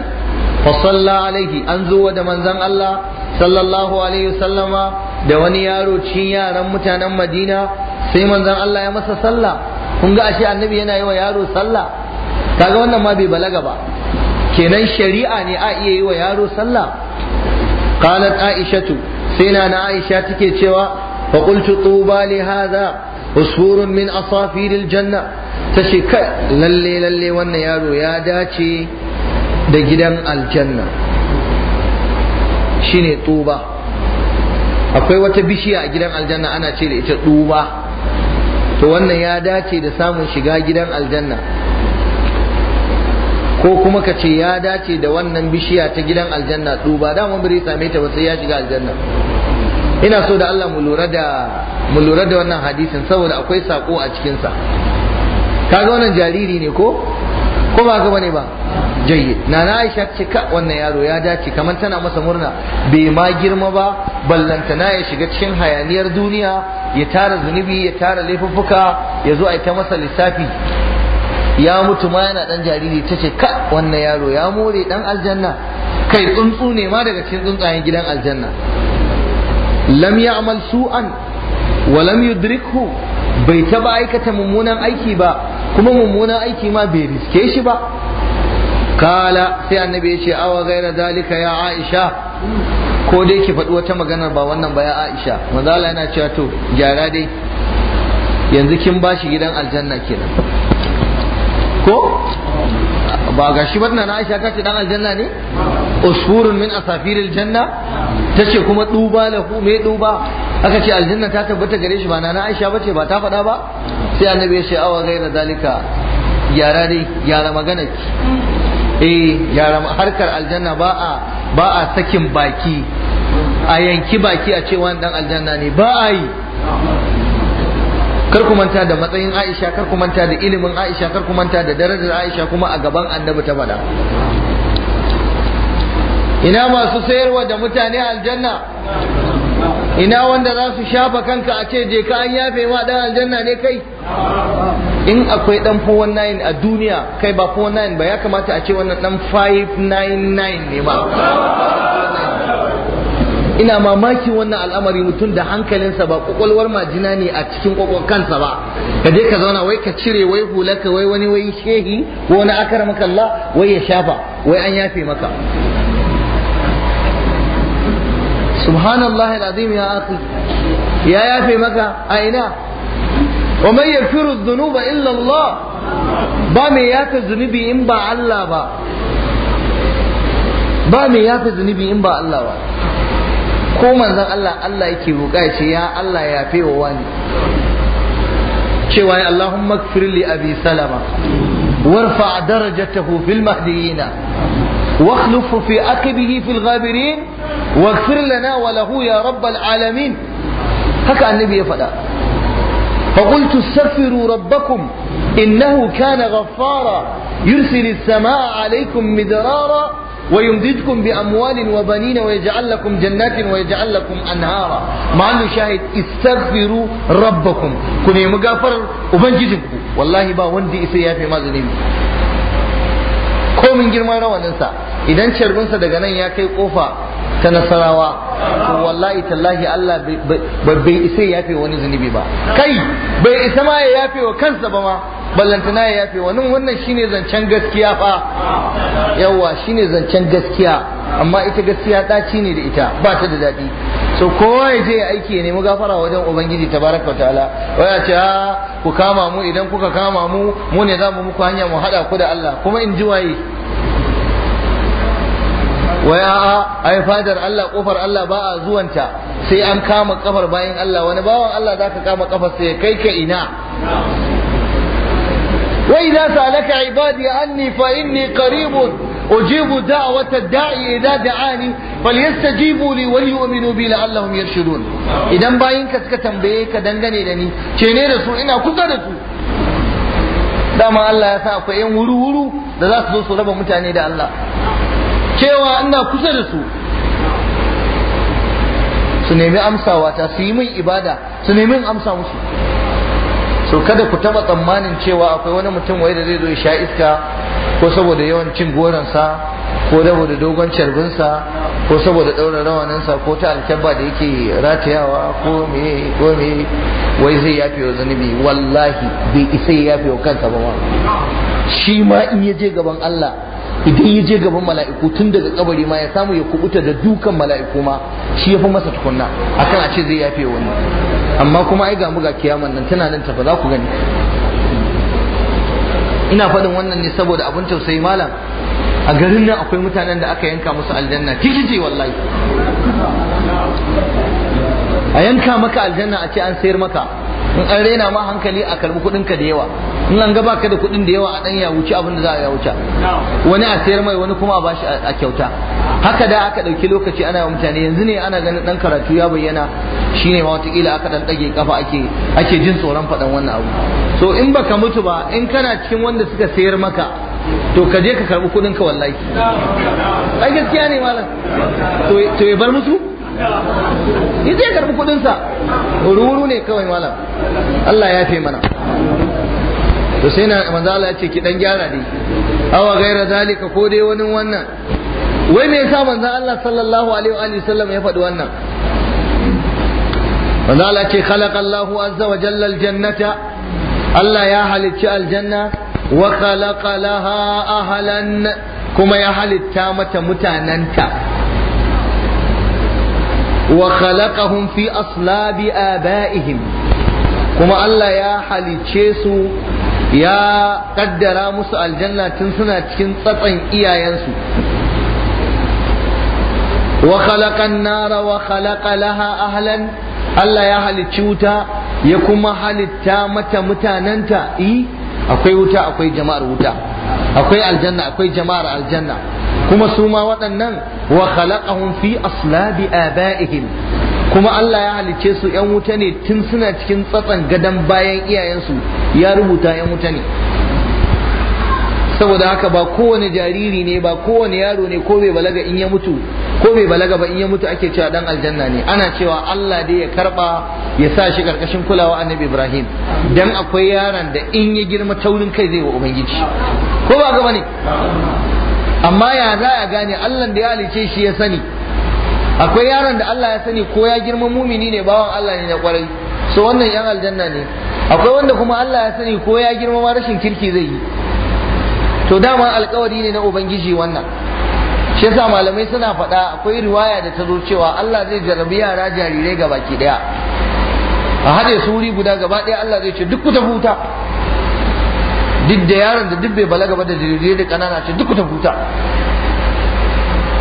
فصلى عليه أنزو ودمن الله sallallahu alaihi sallama da wani yaro cikin yaran mutanen madina sai manzon Allah ya masa sallah kun ga ashe annabi yana yi wa yaro sallah kaga wannan ma bai balaga ba kenan shari'a ne a iya yi wa yaro sallah qalat aishatu sai na aisha take cewa fa qultu tuba li hadha usfurun min asafiril janna tace kai lalle lalle wannan yaro ya dace da gidan aljanna shine tuba akwai wata bishiya a gidan aljanna ana ce da ita tuba to wannan ya dace da samun shiga gidan aljanna ko kuma ka ce ya dace da wannan bishiya ta gidan aljanna tuba dama bari same ta ba sai ya shiga aljanna ina so da Allah mu lura da mu lura da wannan hadisin saboda akwai sako a cikin sa kaga wannan jariri ne ko ko ba ga bane ba jayyid nana Aisha ce ka wannan yaro ya dace kamar tana masa murna bai ma girma ba ballanta na ya shiga cikin hayaniyar duniya ya tara zunubi ya tara laifuffuka ya zo a ta masa lissafi ya mutu ma yana dan jariri ta ce ka wannan yaro ya more dan aljanna kai tsuntsu ne ma daga cikin tsuntsayen gidan aljanna lam ya'mal su'an wa lam yudrikhu bai taba aikata mummunan aiki ba kuma mummunan aiki ma bai riske shi ba kala sai annabi ya ce awa gaira dalika ya aisha ko dai ki faɗi wata maganar ba wannan ba ya aisha mazala yana cewa to gyara dai yanzu kin bashi gidan aljanna kenan ko ba ga shi wannan na aisha kace ce dan aljanna ne usfurun min asafiril janna tace kuma duba lahu me duba aka ce aljanna ta tabbata gare shi ba na aisha bace ba ta faɗa ba sai annabi ya ce awa gaira dalika gyara dai gyara maganar ki eh yara harkar aljanna ba a ba a sakin baki a yanki baki a ce wani dan aljanna ne ba a yi kar ku manta da matsayin Aisha kar ku manta da ilimin Aisha kar ku manta da darajar Aisha kuma a gaban Annabi ta bada ina masu sayarwa da mutane aljanna ina wanda za su shafa kanka a ce je ka an yafe ma dan aljanna ne kai in akwai dan 419 a duniya kai ba 419 ba ya kamata a ce wannan dan 599 ne ba ina mamakin wannan al'amari mutum da hankalinsa ba kwakwalwar majina ne a cikin kwakwal kansa ba ka je ka zauna wai ka cire wai hulaka wai wani wai shehi ko wani akar maka Allah wai ya shafa wai an yafe maka subhanallahi alazim ya akhi ya yafe maka a ina wa man yaghfiru dhunuba illa Allah ba mai yafe zunubi in ba Allah ba ba mai yafe zunubi in ba Allah ba ko manzon Allah Allah yake roƙa ya ya Allah ya yafe wa wani cewa ya Allahumma ighfir li abi salama warfa darajatahu fil mahdiyina واخلفه في عقبه في الغابرين واغفر لنا ya rabbal رب Haka annabi ya faɗa. فقلت استغفروا ربكم إنه كان غفارا يرسل السماء عليكم مدرارا ويمددكم بأموال وبنين ويجعل لكم جنات ويجعل لكم أنهارا مع أنه شاهد استغفروا ربكم كن مغفر وبنجدكم والله با وندي إسيا في مازنين كومن min وننسى إذا idan carbinsa daga nan ya kai ta nasarawa to wallahi tallahi Allah bai isa ya yafe wani zunubi ba kai bai isa ma ya yafe wa kansa ba ma ballantana ya yafe wani wannan shine zancen gaskiya fa yawa shine zancen gaskiya amma ita gaskiya ci ne da ita ba ta da daɗi so kowa ya je aiki ya nemi gafara wajen ubangiji tabaraka ta'ala waya ce ah, ku kama mu idan kuka kama mu mu ne za mu muku hanya mu haɗa ku da Allah kuma in ji waye wai a'a ai Allah kofar Allah ba a zuwanta sai an kama kafar bayan Allah wani bawan Allah za ka kama kafar ya kai ka ina wai idan salaka ibadi anni wata inni qarib ujibu da'wata da'i idza da'ani falyastajibu li wa yu'minu bi la'allahum yarshudun idan bayin ka suka tambaye ka dangane da ni ke ne da su ina kusa da su dama Allah ya sa akwai yan wuru-wuru da za su zo su raba mutane da Allah cewa ina kusa da su su nemi amsawa ta su yi min ibada su nemi amsa musu so kada ku taba tsammanin cewa akwai wani mutum wai da zai zo ya sha iska ko saboda yawan cin goransa ko saboda dogon carbinsa ko saboda ɗaura rawaninsa ko ta alkyabba da yake ratayawa ko me ko me wai zai yafe wa zunubi wallahi bai isa ya yafe wa kansa ba shi ma in ya je gaban Allah idan ya je gaban mala'iku tun daga kabari ma ya samu ya kubuta da dukan mala'iku ma shi ya fi masa tukunna akan a ce zai yafe wani amma kuma ai ga mu ga kiyaman nan tana nan tafa za ku gani ina faɗin wannan ne saboda abin tausayi malam a garin nan akwai mutanen da aka yanka musu aljanna ce wallahi a yanka maka aljanna a ce an sayar maka in an rena ma hankali a karbi kuɗinka da yawa in gaba ga baka da kuɗin da yawa a dan ya wuce abin da za a ya wuce wani a sayar mai wani kuma a bashi a kyauta haka da aka ɗauki lokaci ana yawan mutane yanzu ne ana ganin dan karatu ya bayyana shine ma watakila aka dan ɗage kafa ake ake jin tsoron faɗan wannan abu so in baka mutu ba in kana cikin wanda suka sayar maka to ka je ka karɓi kuɗin ka wallahi ai gaskiya ne malam to ya bar musu Ni zai karɓi kuɗinsa ruru ne kawai malam Allah ya fi mana to sai na manzo Allah ya ce ki dan gyara dai awa gaira zalika ko dai wani wannan wai me yasa manzo Allah sallallahu alaihi wa sallam ya faɗi wannan manzo Allah ce khalaqa Allahu azza wa jalla jannata. Allah ya halicci aljanna wa khalaqa laha ahlan kuma ya halitta mata mutananta wa khalaqahum fi aslabi abaihim kuma Allah ya halice su ya kaddara musu aljanna tun suna cikin tsatsan iyayensu wa khalaqan nara wa khalaqa laha ahlan Allah ya halicci wuta ya kuma halitta mata mutanenta i akwai wuta akwai jama'ar wuta akwai aljanna akwai jama'ar aljanna kuma su ma waɗannan wa khalaqahum fi aslabi aba'ihim kuma Allah ya halicce su yan wuta ne tun suna cikin tsatsan gadon bayan iyayensu ya rubuta yan wuta ne saboda haka ba kowane jariri ne ba kowane yaro ne ko bai balaga in ya mutu ko bai balaga ba in ya mutu ake cewa dan aljanna ne ana cewa Allah dai ya karba ya sa shi karkashin kulawa annabi Ibrahim dan akwai yaron da in ya girma taurin kai zai wa ubangiji ko ba ga bane amma ya za ya gane Allah da ya halice shi ya sani akwai yaron da Allah ya sani ko ya girma mumini ne bawan Allah ne na kwarai so wannan yan aljanna ne akwai wanda kuma Allah ya sani ko ya girma ma rashin kirki zai yi to dama alkawari ne na ubangiji wannan shi yasa malamai suna faɗa akwai riwaya da ta zo cewa Allah zai jarabi yara jarirai ga baki daya a haɗe su wuri guda gaba ɗaya Allah zai ce duk ku ta huta duk da yaron da duk bai balaga ba da jarirai da ƙanana ce duk ku ta huta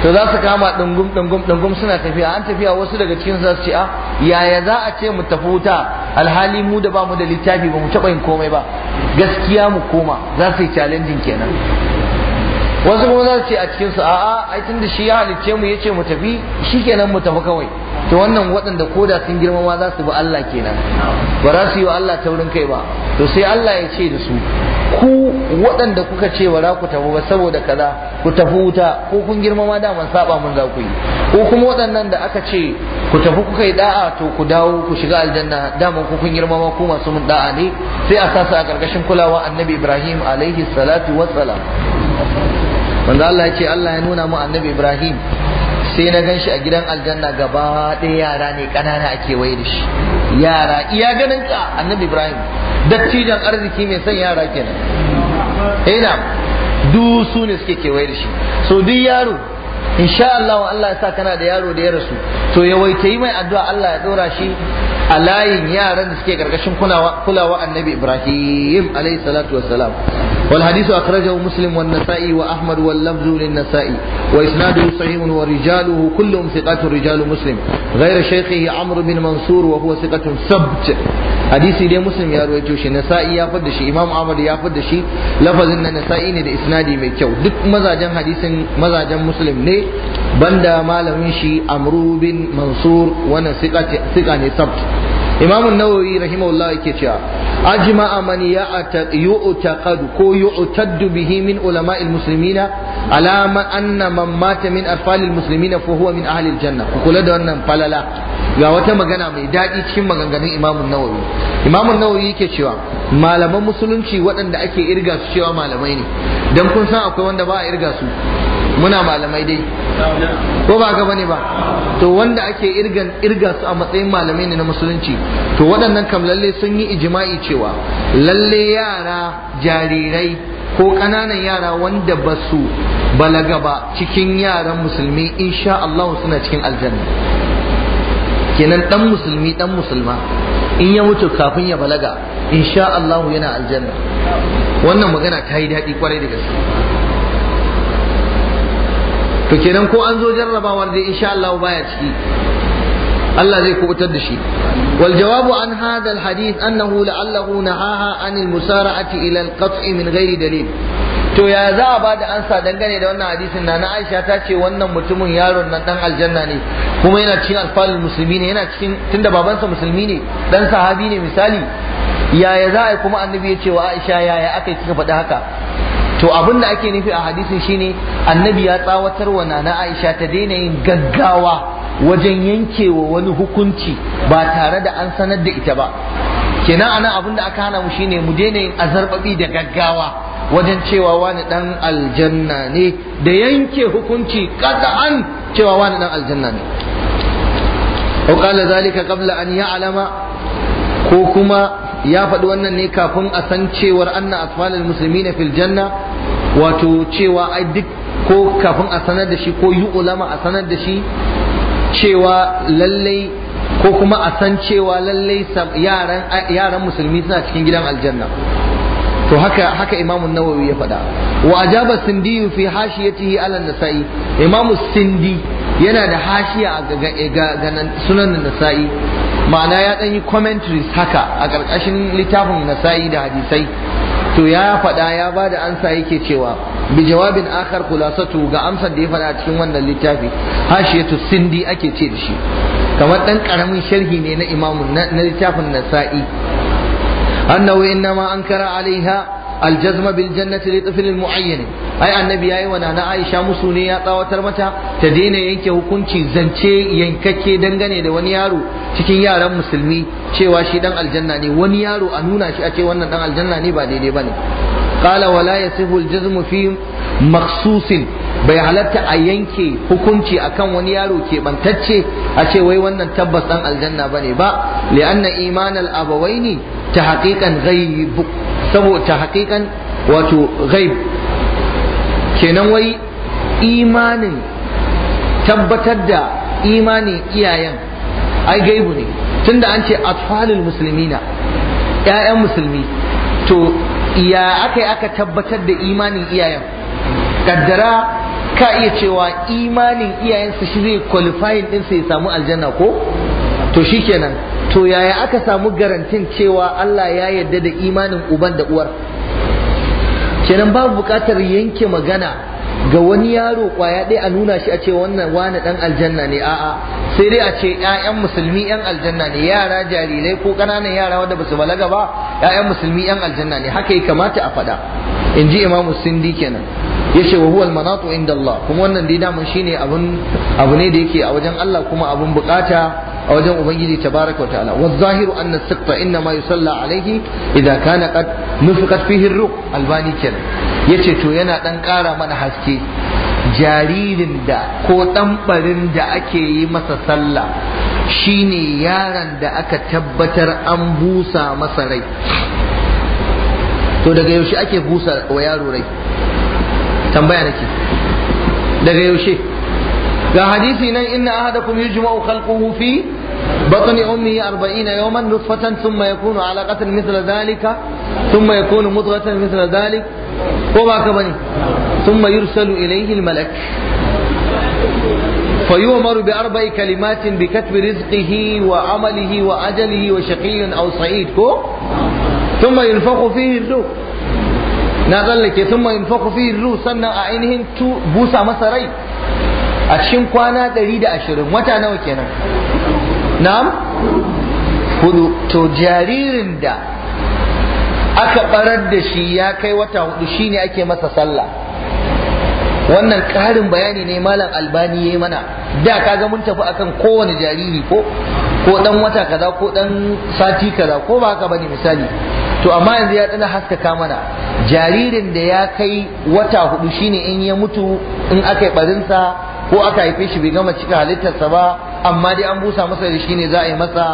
to za su kama ɗungum ɗungum ɗungum suna tafiya an tafiya wasu daga cikin za su ce a ah, yaya za a ce mu tafi wuta alhali mu da ba mu da littafi ba mu taɓa yin komai ba gaskiya mu koma za su yi challenging kenan wasu kuma za su ce a cikin su a'a ai tunda shi ya halicce mu yace mu tafi shikenan mu tafi kawai to wannan waɗanda koda sun girma ma za su bi Allah kenan ba za su yi wa Allah taurin kai ba to sai Allah ya ce da su ku waɗanda kuka ce ba za ku tafi ba saboda kaza ku tafi wuta ko kun girma ma daman saba mun za ku yi ko kuma waɗannan da aka ce ku tafi kuka yi da'a to ku dawo ku shiga aljanna daman ku kun girma ma ku masu mun da'a ne sai a sa a ƙarƙashin kulawa annabi Ibrahim alaihi salatu wassalam wanda Allah ya ce Allah ya nuna mu annabi Ibrahim sai na gan shi a gidan aljanna gaba ɗaya yara ne ƙanana a kewaye da shi yara iya ganin ka annabi ibrahim dattijan arziki mai son yara kenan ina eh, dusu ne suke kewaye da shi so duk yaro insha Allah Allah ya sa kana da yaro da ya rasu to ta yi mai addu'a Allah ya dora shi a layin yaran da suke karkashin kulawa annabi Ibrahim alayhi salatu wassalam والحديث أخرجه مسلم والنسائي وأحمد واللفظ للنسائي وإسناده صحيح ورجاله كلهم ثقات رجال مسلم غير شيخه عمرو بن منصور وهو ثقة سبت حديث دي مسلم يا رويتوش نسائي يا فدشي إمام أحمد يا فدشي لفظ إن نسائي ندي إسنادي ميتشو دك مزاجا حديث مزاجا مسلم ني بندا مالهم شي عمرو بن منصور وانا ثقة ثقة سبت imam an-nawawi rahimahullah yake cewa ajma'a man yu'taqad ko yu'taddu bihi min ulama'il muslimina ala man anna man mata min atfalil muslimina fa huwa min ahli al-janna kula da wannan falala ga wata magana mai daɗi cikin maganganun imam an-nawawi imam nawawi yake cewa malaman musulunci waɗanda ake irga su cewa malamai ne dan kun san akwai wanda ba a irga su muna malamai dai ko ba ga bane ba to wanda ake irgan irga su a matsayin malamai ne na musulunci to waɗannan kam lalle sun yi ijma'i cewa lalle yara jarirai ko ƙananan yara wanda ba su balaga ba cikin yaran musulmi insha Allah suna cikin aljanna kenan dan musulmi dan musulma in ya mutu kafin ya balaga insha Allah yana aljanna wannan magana ta yi daɗi kwarai da gaske to kenan ko an zo jarrabawar dai insha Allah baya ciki Allah zai kubutar da shi wal jawabu an hadha al hadith annahu la'allahu nahaha anil musara'ati ila al qat'i min ghairi dalil to ya za a bada ansa dangane da wannan hadisin na na Aisha ta ce wannan mutumin yaron nan dan aljanna ne kuma yana cikin alfalul musulmi ne yana cikin tunda babansa musulmi ne dan sahabi ne misali yaya za a kuma annabi ya ce wa Aisha yaya aka kika faɗi haka to abin da ake nufi a hadisin shine annabi ya tsawatar wa nana Aisha ta daina yin gaggawa wajen yankewa wani hukunci ba tare da an sanar da ita ba kenan anan abin da aka hana mu shine mu daina yin azarbabi da gaggawa wajen cewa wani dan aljanna ne da yanke hukunci kada'an cewa wani dan aljanna ne وقال ذلك قبل أن يعلم ko kuma ya faɗi wannan ne kafin a san cewar anna asfalin musulmi fil janna wato cewa ai duk ko kafin a sanar da shi ko yi ulama a sanar da shi cewa lallai ko kuma a san cewa lallai yaran musulmi suna cikin gidan aljanna to haka haka imamu nawawi ya faɗa wa ajaba sindi fi hashiyatihi ala nasa'i imamu sindi yana da hashiya ga sunan nasa'i ma'ana ya dan yi commentaries haka a ƙarƙashin littafin nasa'i da hadisai to ya faɗa ya ba da ansa yake cewa bi jawabin akhar kulasatu ga amsar da ya faɗa cikin wannan littafi hashiyatu sindi ake ce da shi kamar ɗan karamin sharhi ne na imamu na littafin nasa'i annahu innama ankara alaiha aljazma bil jannati li tiflin muayyan ai annabi yayi wa nana aisha musu ne ya tsawatar mata ta daina yanke hukunci zance yankake dangane da wani yaro cikin yaran musulmi cewa shi dan aljanna ne wani yaro a nuna shi a ce wannan dan aljanna ne ba daidai ba ne. kala wala ya aljazm fi maksusin bai halatta a yanke hukunci akan wani yaro keɓantacce a ce wai wannan tabbas dan aljanna bane ba li'anna imanal abawaini ta haqiqan ghaib saboda ta haƙiƙan wato ghaib kenan wai imanin tabbatar da imanin iyayen ai gaibu ne tunda an ce atfalul muslimina ƴaƴan musulmi to ya aka aka tabbatar da imanin iyayen kaddara ka iya cewa imanin su shi zai qualifying din ya samu aljanna ko to shikenan to yaya aka samu garantin cewa Allah ya yarda da imanin uban da uwar kenan babu buƙatar yanke magana ga wani yaro kwaya ɗaya a nuna shi a ce wannan wani dan aljanna ne a'a sai dai a ce ƴaƴan musulmi ƴan aljanna ne yara jarirai ko ƙananan yara wanda ba su balaga ba ƴaƴan musulmi ƴan aljanna ne haka ya kamata a faɗa in ji imamu sindi kenan ya ce wa huwa almanatu inda Allah kuma wannan dai daman shine abun abu ne da yake a wajen Allah kuma abun bukata a wajen ubangiji tabaraka wa ta'ala wa zahiru anna sitta inna ma yusalla alaihi idan kana qad nufiqat fihi ruh albani kenan yace to yana dan kara mana haske jaririn da ko ɗanɓarin da ake yi masa sallah shine yaron da aka tabbatar an busa masa rai to daga yaushe ake busa wa yaro rai tambaya nake daga yaushe ga hadisi nan inna ahadakum yujma'u khalquhu fi بطن أمه أربعين يوما نطفة ثم يكون علاقة مثل ذلك ثم يكون مضغة مثل ذلك وما كبني ثم يرسل إليه الملك فيؤمر بأربع كلمات بكتب رزقه وعمله وأجله وشقي أو صعيد كو ثم ينفخ فيه الروح نقل لك ثم ينفخ فيه الروح سنة عينهم بوسى مسرين a cikin kwana 120 wata nawa kenan na'am hudu to jaririn da aka barar da shi ya kai wata hudu shine ake masa sallah wannan karin bayani ne malam albani ya yi mana da kaga mun tafi akan kowane jariri ko ko dan wata kaza ko dan sati kaza ko ba haka bane misali to amma yanzu ya dana haskaka mana jaririn da ya kai wata hudu shine in ya mutu in aka yi barinsa ko aka haife shi bai gama cika halittarsa ba amma dai an busa masa da shi ne za a yi masa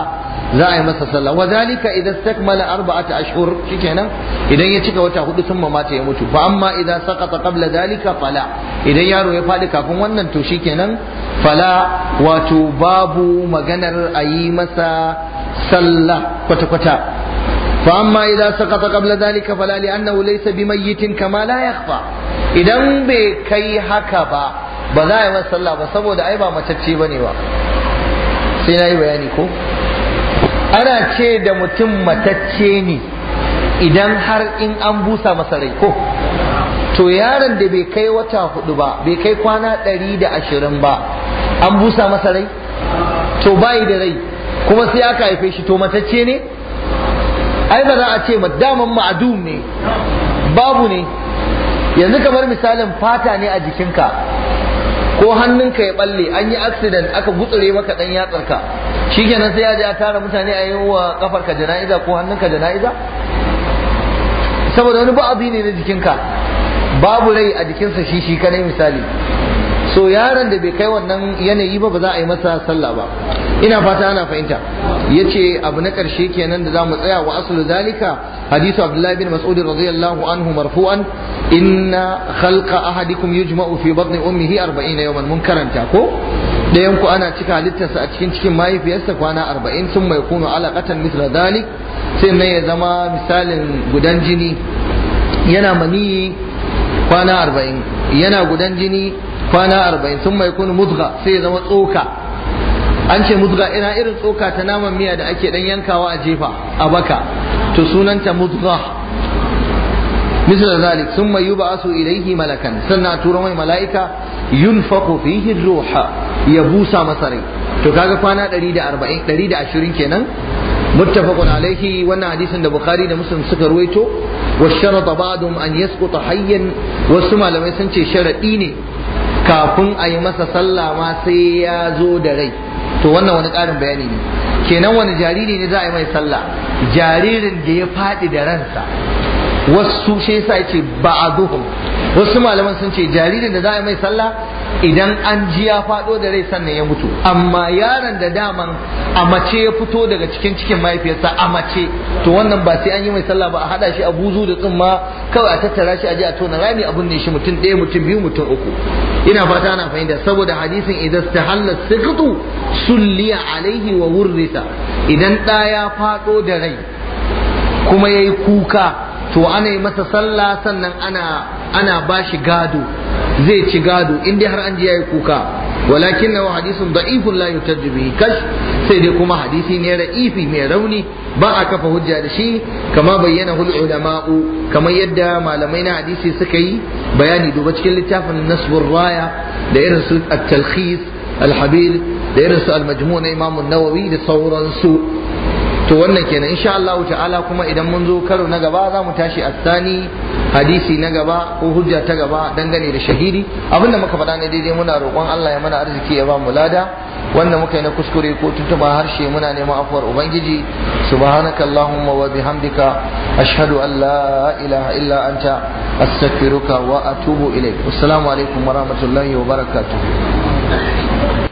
za a yi masa sallah wa zalika idan stakmala arba'ata ashhur shikenan idan ya cika wata hudu sun mamata ya mutu fa amma idan saqata qabla zalika fala idan yaro ya fadi kafin wannan to shikenan fala wato babu maganar a yi masa sallah kwata kwata fa amma idan saqata qabla zalika fala li'annahu laysa bimayyitin kama la yakhfa idan bai kai haka ba ba za a yi masa sallah ba saboda ai ba matacce ba ne ba sai na yi bayani ko ana ce da mutum matacce ne idan har in an busa masa rai ko to yaron da bai kai wata hudu ba bai kai kwana ɗari da ashirin ba an busa masa rai to bayi da rai kuma sai aka haife shi to matacce ne ai ba za a ce daman ma'adum ne babu ne yanzu kamar misalin fata ne a jikinka ko hannunka ya balle an yi accident aka gutsure maka dan yatsarka shikenan sai ya ji a tara mutane a yi wa kafarka jana'iza ko hannunka jana'iza saboda wani ba'abi ne na jikinka babu rai a jikinsa shi shi kanai misali so yaron da bai kai wannan yanayi ba ba za a yi masa sallah ba ina fata ana fahimta yace abu na karshe kenan da zamu tsaya wa aslu zalika hadisu abdullahi bin mas'ud radiyallahu anhu marfu'an inna khalqa ahadikum yujma'u fi batni ummihi 40 yawman mun karanta ko Da ku ana cika halittarsa a cikin cikin mahaifiyarsa kwana 40 sun mai kunu alaqatan mithla dalik sai nan ya zama misalin gudan jini yana maniyi kwana 40 yana gudan jini kwana arba'in sun mai kunu mudga sai ya zama tsoka an ce mutuwa ina irin tsoka ta naman miya da ake dan yankawa a jefa a baka to sunanta mutuwa. misal zalik sun mai yuba asu ilaihi malakan sannan a tura mai mala'ika yunfaku fihi ruha ya busa masa rai to kaga kwana da ashirin kenan muttafaqun alaihi wannan hadisin da bukhari da muslim suka ruwaito wa sharata ba'dhum an yasquta hayyan wasu malamai sun ce sharadi ne kafin a yi masa sallah ma sai ya zo da rai to wannan wani ƙarin bayani ne kenan wani jariri ne za a yi mai sallah jaririn da ya faɗi da ransa wasu shi yasa yace ba'aduhum wasu malaman sun ce jaririn da za a yi mai sallah idan an ji ya faɗo da rai sannan ya mutu amma yaron da dama a mace ya fito daga cikin cikin mahaifiyarsa a mace to wannan ba sai an yi mai sallah ba a haɗa shi a buzu da tsumma kawai a tattara shi a ji a tona rami abun ne shi mutum ɗaya mutum biyu mutum uku ina fata ana fahimta saboda hadisin idan ta stahalla siqtu sulliya alaihi wa wurrisa idan ɗa ya faɗo da rai kuma ya yi kuka to ana yi masa sallah sannan ana ana bashi gado zai ci gado in dai har an ji yayi kuka walakin nawa hadisun da'ifun la yutajju bihi kash sai dai kuma hadisi ne ra'ifi mai rauni ba a kafa hujja da shi kama bayyana hul ulama'u kamar yadda malamai na hadisi suka yi bayani duba cikin littafin nasbur raya da irin su at-talkhis al-habir da irin su al-majmu' na Imam an-Nawawi da sauransu to wannan kenan insha Allah ta'ala kuma idan mun zo karo na gaba za mu tashi asani hadisi na gaba ko hujja ta gaba dangane da shahidi abinda muka faɗa ne daidai muna roƙon Allah ya mana arziki ya ba mu lada wanda muka yi na kuskure ko tuntuba harshe muna neman afuwar ubangiji subhanaka allahumma wa bihamdika ashhadu an la ilaha illa anta astaghfiruka wa atubu ilaik assalamu alaikum wa rahmatullahi wa barakatuh